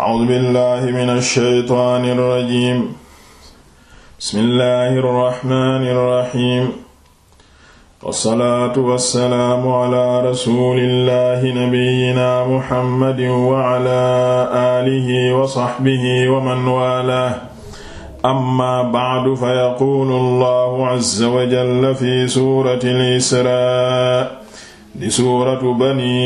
أعوذ بالله من الشيطان الرجيم بسم الله الرحمن الرحيم والصلاة والسلام على رسول الله نبينا محمد وعلى آله وصحبه ومن والاه أما بعد فيقول الله عز وجل في سورة الإسراء لسورة بني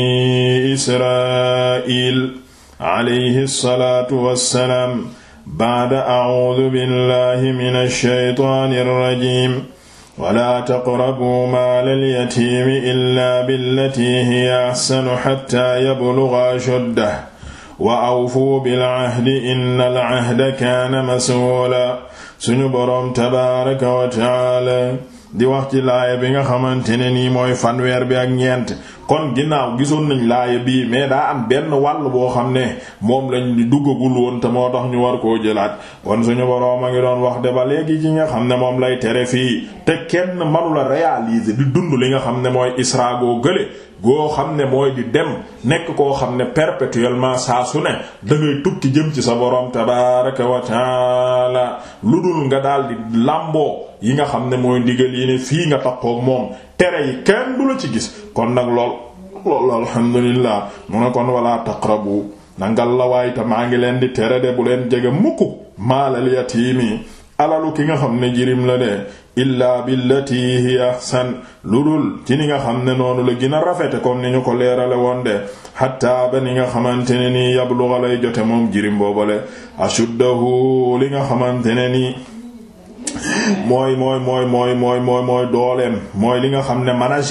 إسرائيل alayhi salaatu wassalaam baada a'uudu billahi mina shaytaani rajiim walaa taqrabuu maalal yatiimi illaa billatii hiya ahsanu hattaa yablugha ashuddahu wa awfu bil ahdi innal ahda kaana masuula suñu boroom tabaaraka wa taala di wax ci laaya bi nga xamante ne nii mooy fanweer bi ak ñeent kon ginnaaw gisoon nañ laay bii mais daa am benn wàll boo xam ne moom lañ di duggagul woon te moo tax ñu war koo jëlaat kon suñu boroom a ngi doon wax de ba léegi ci nga xam ne moom lay tere fii te kenn mënu la réaliser di dund li nga xam ne mooy isra goo gële goo xam ne mooy di dem nekk koo xam ne perpétuellement saa su ne da tukki jëm ci sa borom tabaraka wa taala lu dul nga daal di làmboo yi nga xam ne mooy ndigal yi ne fii nga takkoog moom tere yi kenn du la ci gis kon nag lool loolu alhamdulillah mu ne kon wala taqrabu nangal la waay te maa ngi leen di tere de bu leen jege mukk maalal yatiimi alalu ki nga xam ne jirim la de illaa billati hiya ahsan lu dul ci ni nga xam ne noonu la gën a rafete comme ni ñu ko leerale woon de xattaa ba ni nga xamante ne nii yabluga lay jote moom jirim boobale ashuddahu li nga xamante ne nii mooy mooy mooy mooy mooy mooy mooy dooleem mooy li nga xam ne mën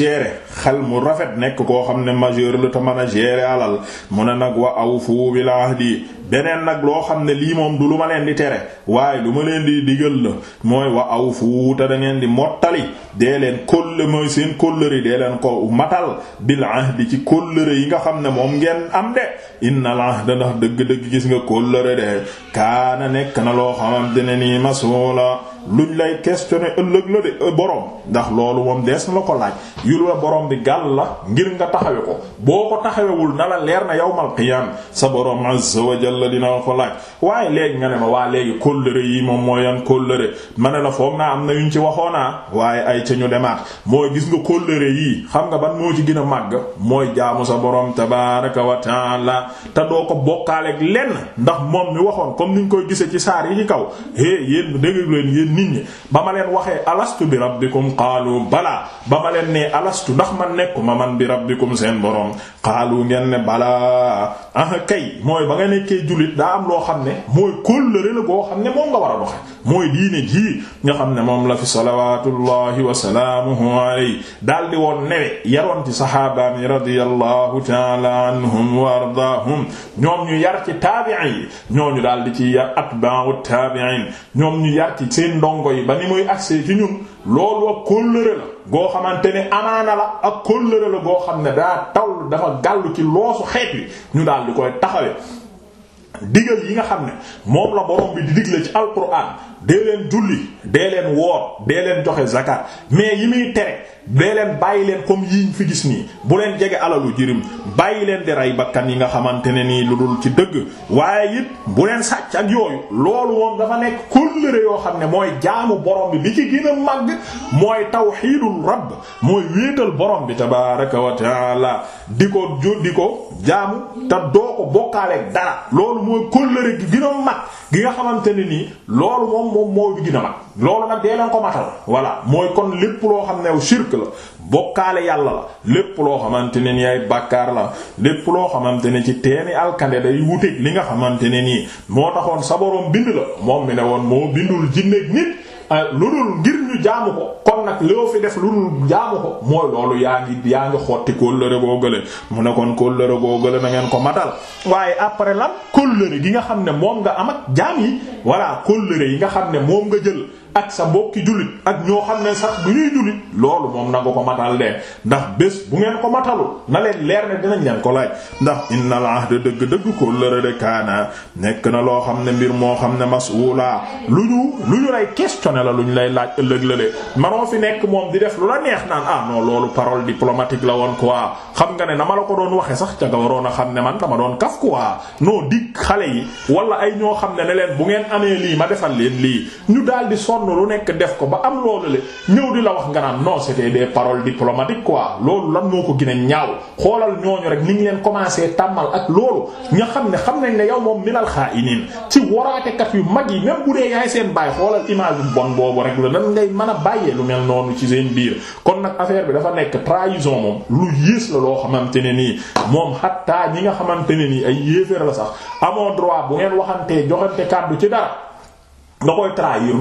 xal mu rafet nekk ko xam ne majeur la te mën a gérer alal mu ne wa awfu bil ahdi beneen nag loo xam ne lii moom du lu ma leen di tere waaye lu ma leen di digal la mooy wa aw fuuta da ngeen di mottali dee leen kóllë mooy seen kóllëre dee leen ko matal bil ahdi ci kóllëre yi nga xam ne moom ngeen am de innal ahda ndax dëgg-dëgg gis nga kóllëre de kaana nekk na loo xamante ne nii masuula luñ lay questionner ëllëg la de euh, borom ndax loolu moom dees na la ko laaj yu la borom bi gàll la ngir nga taxawe ko boo ko taxawewul na la leer na yawmal qiyaam sa borom azza wa la dina ko laaj waaye léegi nga ne ma waa léegi kóllëre yii moom mooy yan kóllëre ma ne la foog naa am na yu yuñ ci waxoonaa ah. waaye ay ca ñu demaat mooy gis nga kóllëre yi xam nga ban moo ci gën a màgg mooy jaamu sa borom tabaaraka wa taala te doo ko bokkaaleeg len ndax moom mi waxoon comme niñ koy gisee ci saar yi kaw nit ba ma leen waxee alastu bi rabbikum qaalu balaa ba ma leen nee alastu ndax man nekkuma man bi rabbikum seen borom qaalu ngeen ne balaa ah kay mooy ba nga nekkee jullit daa loo xam ne mooy kóllëre la boo xam ne moom nga war a doxe mooy diine jii nga xam ne moom la fi salawatullahi wa salaamuhu alayhi daal di woon newe yaroon ci sahaaba mi radiyallahu taala anhum wa ardaahum ñoom ñu yar ci taabi'i yi ñooñu daal di ci yar atba'u taabi'in ñoom ñu ci seen ndongo yi ba ni muy agse ci ñun loolu wa kóllëre la goo xamante ne amaana la ak kóllëre la goo xam ne daa taw dafa gàllu ci loosu xeet wi ñu daal di koy taxawee digal yi nga xam ne moom la borom bi di digle ci alquran dee leen julli dee leen woor dee leen joxe zakat mais yi muy tere dee leen bàyyi leen comme yiñ fi gis nii bu leen jege alalu jirim bàyyi leen di rey bakkan yi nga xamante ne nii lu dul ci dëgg waaye it bu leen sàcc ak yooyu loolu dafa nekk kóllëre yoo xam ne mooy jaamu bi bi ci gën a màgg mooy tawxiidul rabb mooy wéetal borom bi tabaaraka wa taala di ko ju di ko jaamu te doo ko bokkaaleeg dara loolu mooy a mag nga xamante ne nii loolu moom moom mooy bi gën a mag loolu nag dee leen ko matal voilà mooy kon lépp loo xam new shirk la bokkaale yàlla la lépp loo xamante ne ni ay la lépp loo xamante ne ci teeni alkande day wuteeg li nga xamante ne nii moo taxoon sa boroom bind la moom mi ne woon moo bindul jinneeg nit Euh, lu dul ngir ñu jaamu ko kon nag loo fi def lu dul jaamu ko mooy loolu yaa ngi yaa ngi xotti kóllëre googale mu ne kon kóllëre googale na ngeen ko matal waaye après lan kóllëre gi nga xam ne moom nga am ak jaam yi walla kóllëre yi nga xam ne moom nga jël ak sa mbokki julit ak ñoo xam ne sax bu ñuy jullit loolu moom na nga ko matal de ndax bés bu ngeen ko matalu na leen leer ne dinañ leen ko laaj ndax innal ahda dëgg-dëgg ko lërëre kaana nekk na loo xam ne mbir moo xam ne mas'uula lu ñu lu ñu lay questionné la lu ñu lay laaj ëllëg la de manoo fi nekk moom di def lu la neex naan ah non loolu parole diplomatique la woon quoi xam nga ne na ma la ko doon waxe sax ca nga a xam ne man dama doon kaf quoi noo dig xale yi wala ay ñoo xam ne ne leen bu ngeen amee lii ma defal leen lii ñu daldi sonn lu nekk def ko ba am loolu le ñëw di la wax nga naan non c'était des paroles diplomatiques quoi loolu lan moo ko gën a ñaaw xoolal ñooñu rek ni leen commencé tàmmal ak loolu nga xam ne xam nañ ne yow moom minal xaa'iniin ci waraatekat yu mag yi même bu dee yaay seen baay xoolal image bu bon boobu rek la nan ngay mën a bàyyee lu mel noonu ci seen biir kon nag affaire bi dafa nekk trahison moom lu yées la loo xamante ne nii moom xattaa ñi nga xamante ne nii ay yéeféer la sax amoo droit bu ngeen waxantee joxante kàddu ci dara nga koy trahir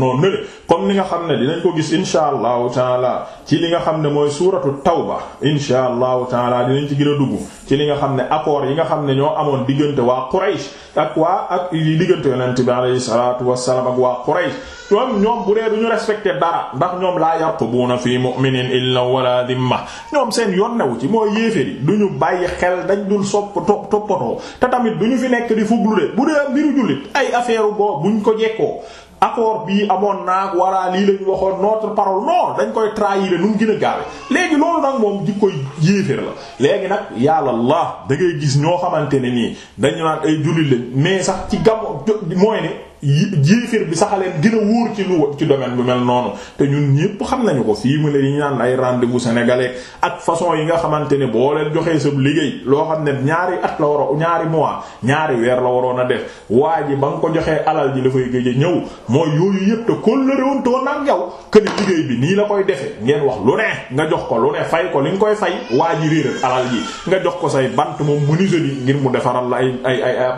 comme ni nga xam ne dinañ ko gis insha allahu taala ci li nga xam ne mooy suuratu tawba insha allahu taala dinañ ci gën a dugg ci li xam ne accords yi nga xam ne ñoo amoon diggante waa Quraysh ak waa ak diggante yonent bi alayhi salaatu wassalaam ak waa Quraysh ñoom ñoom bu dee ñu respecté dara ndax ñoom laa yarqubuuna fi mu'minin illa wala ma ñoom seen yoon newu ci mooy yéeféri du ñu bàyyi xel dañ dul sopp toppatoo te tamit du ñu fi nekk di fuglu de bu dee mbiru jullit ay affaire bu buñ ko jekkoo accord bii amoon naag walla lii lañu waxoon notre parole non dañ koy trahir nu mu gën a gaawe léegi loolu nag moom di koy yéeféer la léegi nag yàlla la da ngay gis ñoo xamante ne nii dañu naan ay jullit lañ mais sax ci gam mooy ne jiifir bi saxaleen gën a wóor ci lu ci domaine bu mel noonu te ñun ñépp xam nañu ko fii mu ne yi ñu naan ay rendez bu sénégalais ak façon yi nga xamante ne boo leen joxee sa liggéey loo xam ne ñaari at la waro ñaari mois ñaari weer la waroon a def waa ji ba nga ko joxee alal ji la fay gëj a ñëw mooy yooyu yépp te kóllëréwoon toon nag yow que ne liggéey bi nii la koy defe ngeen wax lu ne nga jox ko lu ne fay ko li nga koy fay waa ji réeral alal ji nga jox ko say bant moom menuisier bi ngir mu defaral la ay ay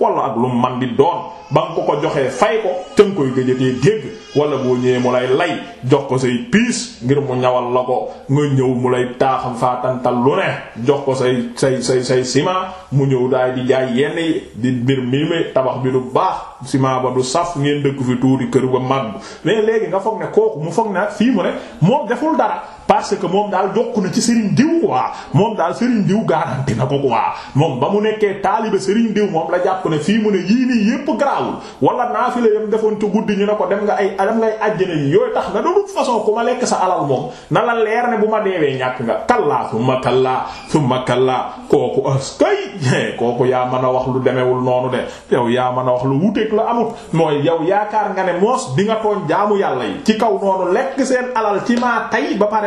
wala ak lu man di doon ba ko joxee fay ko te nga koy gëjatee dégg wala boo ñëwee mu lay lay jox ko say piis ngir mu ñawal la ko nga ñëw mu lay taaxam faatantal lu ne jox ko say say say say ciment mu ñëw daay di jaay yenn yi di mbir mi tabax bi du baax ciment ba du saf ngeen dëkk fi tuuti kër ba mag mais léegi nga foog ne kooku mu foog ne fii mu ne moom deful dara parce que moom daal jokk na ci Serigne Diw quoi moom daal Serigne Diw garanti na ko quoi moom ba mu nekkee taalibe Serigne Diw moom la jàpp ne fii mu ne yii nii yépp garaawul wala naafila yam defoon ci guddi ñu ne ko dem nga ay dem ngay àjjana yi yooyu tax na de toute façon ku ma lekk sa alal moom na la leer ne bu ma deewee ñàkk nga kallaa summa kallaa summa kallaa kooku askay eh, kooku yaa man a wax lu demewul noonu de yow yaa mën a wax lu wuteeg la amut mooy yow yaakaar nga ne moos di nga jaamu yàlla yi ci kaw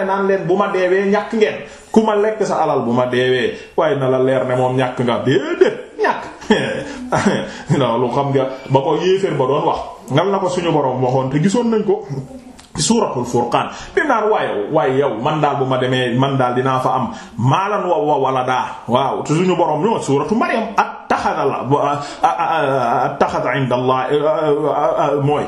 naan leen bu ma deewee ñàkk ngeen ku ma lekk sa alal bu ma deewee waaye na la leer ne moom ñàkk nga déedéet ñàkk loolu xam nga ba ko yéeféer ba doon wax ngal na ko suñu boroom waxoon te gisoon nañ ko suuratul furqaan bi naan waaye waaye yow man daal bu ma demee man daal dinaa fa am maalan wa wa wala daa waaw suñu boroom ñoo suuratu Maryam attaxada la mooy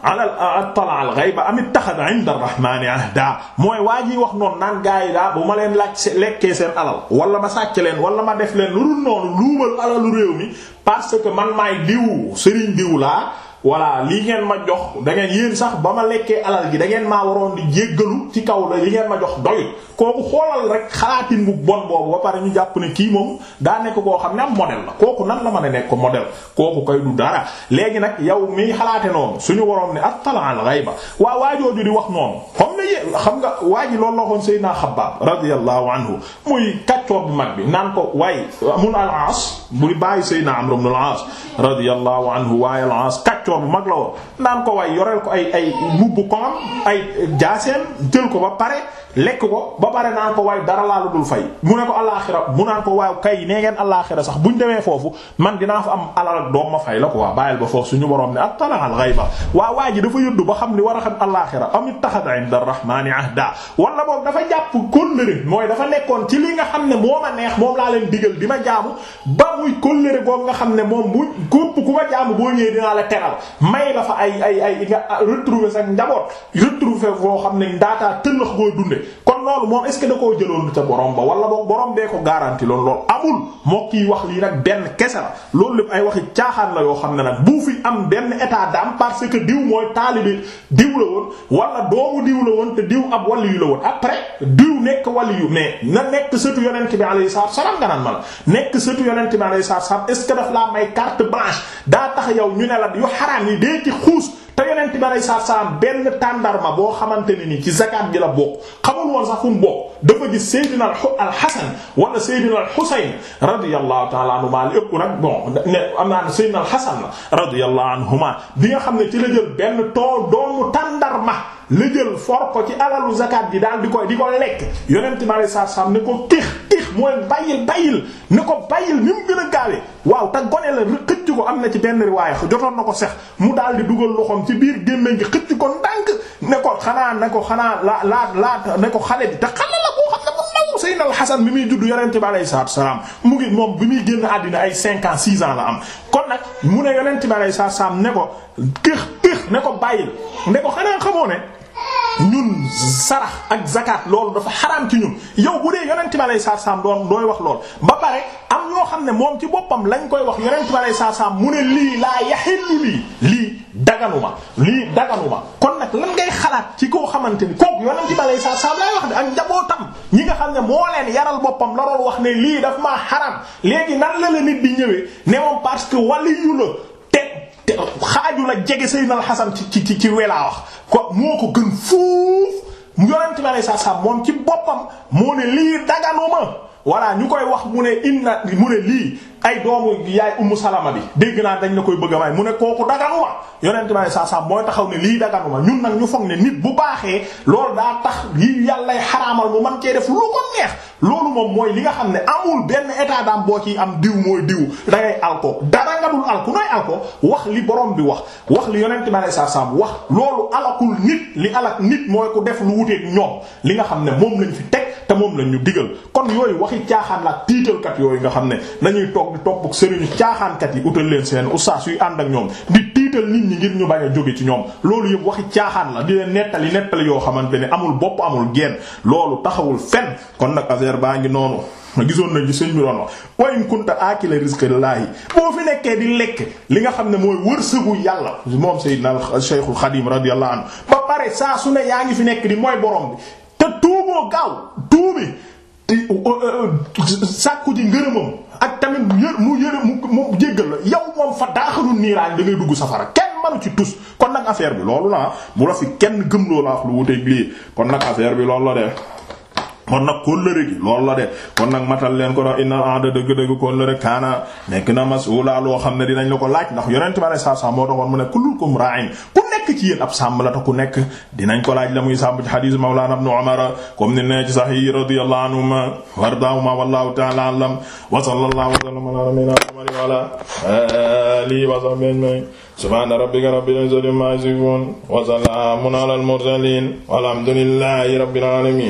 ala tala al ghayba am ittaxada inda ar-rahmani ahda mooy waa ji wax noonu naan gars yi daa bu ma leen laaj lekkee seen alal wala ma sàcc leen wala ma def leen lu dul noonu luubal alalu réew mi parce que man maay diw sëriñ diw laa voilà lii ngeen ma jox da ngeen yéen sax ba ma lekkee alal gi da ngeen maa waroon di jéggalu ci kaw la li ngeen ma jox doyul kooku xoolal rek xalaati bu bon boobu ba pare ñu jàpp ne kii moom daa nekk koo xam ne am modèle la kooku nan la mën a nekk ko modèle kooku koy du dara léegi nag yow miy xalaate noonu suñu waroon ni attala al ghaiba waa waajooju di wax noonu xam ne xam nga waa ji loolu la waxoon Seydina Xabbaab radiyallahu anhu muy kàccoor bu mag bi naan ko waaye mun al-Aas bu bàyyi Seydina Amr ibn al-Aas anhu waaye al bu mag la woon naan ko waay yoreel ko ay ay mubbu koŋam ay jaaseem jël ko ba pare lekk ko ba pare naan ko waay dara laa la dul fay mu ne ko alaaxira mu naan ko waaw kay nee ngeen alaaxira sax buñ demee foofu man dinaa fa am alal ak doom ma fay la quoi bàyyil ba foofu suñu borom ne attala al ghayba waa waa ji dafa yëddu ba xam li war a xam alaaxira am ittaxada inda rahmaani ahda wala boobu dafa jàpp kóllëre mooy dafa nekkoon ci li nga xam ne moo ma neex moom laa leen digal di ma jaamu ba muy ne moom mu képp ku ma jaamu boo ñëwee dinaa may la fa ay ay ay nga retrouver sa njaboot retrouver foo xam ne daataa tënlax koo dunde loolu moom est ce que da koo jëloon ca borom ba wala boog borom bee ko garanti loon loolu amul moo kii wax lii nag benn kese la loolu lépp ay waxi caaxaan la yoo xam ne nag bu fi am benn état d'âme parce que diw mooy taalibe diw la woon wala doomu diw la woon te diw ab waliyu la woon après diw nekk waliyu mais na nekk sëtu yonent bi alayhi salaatu salaam nga naan ma la nekk sëtu yonent bi alayhi salaatu salaam est ce que daf laa may carte blanche daa tax yow ñu ne la yu xaraan yi dee ci te yonent bi aleyhi salaatu salaam benn tàndarma boo xamante ne nii ci zakat bi la bokk xamul woon sax fu mu bokk dafa gis Seydina al Hasan wala Seydina al Husayn radiyallahu ta'ala anhuma li ëpp nag bon ne am naa Seydina al Hasan radiyallahu anhuma bi nga xam ne ci la jël benn tool doomu tànn ma la jël for ko ci alalu zakat bi daal di ko di ko lekk yonent ma saa saam ne ko tix tix mooy bàyyil bàyyil ne ko bàyyil ni mu gën a gaawee waaw te gone la xëcc ko am na ci benn riwaaya jotoon na ko sex mu daal di dugal loxoom ci biir gémmiñ gi xëcc ko ndànk ne ko xanaa ne ko xanaa laa laa laa ne ko xale bi te xale la koo xam ne moom maw Seydina Al bi muy judd yonent bi alayhi salaatu wa salaam mu ngi moom bi muy génn àddina ay cinq ans six la am nag mu ne yonent bi aleyhi salaatu salaam ne ko këx këx ne ko bàyyil ne ko xanaa xamoo ne ñun sarax ak zakat loolu dafa xaraam ci ñun yow bu dee yonent bi aleyhi salaatu salaam doon dooy wax lool ba pare am ñoo xam ne moom ci boppam lañ koy wax yonent bi aleyhi salaatu salaam mu ne lii laa yaxillu lii lii daganuma lii daganuma kon nag lan ngay xalaat ci koo xamante ni kooku yonent bi aleyhi salaatu am njabootam ñi nga xam ne moo leen yaral boppam la doon wax ne lii daf maa xaram léegi nan la la nit di ñëwee ne moom parce que waliyu la te te xaaju la jege Seydina Al Hasan ci ci ci welaa wax ko moo ko gën fuuf yonent bi alayhi salaam moom ci boppam moo ne lii daganuma voilà ñu koy wax mu ne inna mu ne lii ay doomu yaay ummu salama bi dégg naa dañ la koy bëgg may mu ne kooku daganu ma yonent ma saa saa mooy taxaw ne lii daganu ma ñun nag ñu foog ne nit bu baaxee loolu daa tax lii yàllay xaraamal mu man cee def lu ko neex loolu moom mooy li nga xam ne amul benn état d'âme boo ciy am diw mooy diw da ngay alko dara nga dul alku nooy alko wax li borom bi wax wax li yonent ma ne sa sam wax loolu alakul nit li alak nit mooy ku def lu wuteek ñoom li nga xam ne moom lañ fi teg te moom lañ ñu digal kon yooyu waxi caaxaan la tiitalkat yooyu nga xam ne dañuy toog di topp sëriñu caaxaankat yi utal leen seen ustaas yuy ànd ak ñoom tiital nit ñi ngir ñu bañ a jóge ci ñoom loolu yëpp waxi caaxaan la di leen nettali nettali yoo xamante ne amul bopp amul génn loolu taxawul fenn kon nag affaire baa ngi noonu gisoon nañu sëñ bi doon wax wa in kunta aakila rizqillaahi boo fi nekkee di lekk li nga xam ne mooy wërsëgu yàlla moom Seydina Cheikhul Xadim radiyallahu anhu ba pare saa su ne yaa ngi fi nekk di mooy borom bi te tuuboo gaaw tuubi uh, uh, uh, sàkku ji ngërëmam ak tamit mu yër mu yër mu jéggal la moom fa daaxalu niiraan da ngay dugg safara kenn manu ci tus kon nag affaire bi loolu la ah. bu la fi kenn gëm loo la wax lu wuteeg lii kon nag affaire bi loolu la de. kon nag kóllëre gi loolu la kon nag matal leen ko dox inna ahda dëgg-dëgg kóllëre kaana nekk na mas'uula loo xam ne dinañ la ko laaj ndax yonent bi alayhi salaam moo taxoon mu ne kullukum raa'in ku nekk ci yéen ab sàmm la te ku nekk dinañ ko laaj la muy sàmm ci hadiis mawlaana ibnu umar comme ni ne ci sahih radiyallahu anhuma wardaahuma wallahu ta'ala a'lam ali wala ali wa sahbihi subhana rabbika rabbil izzati amma yasifun wa salamun ala al mursalin walhamdulillahi rabbil alamin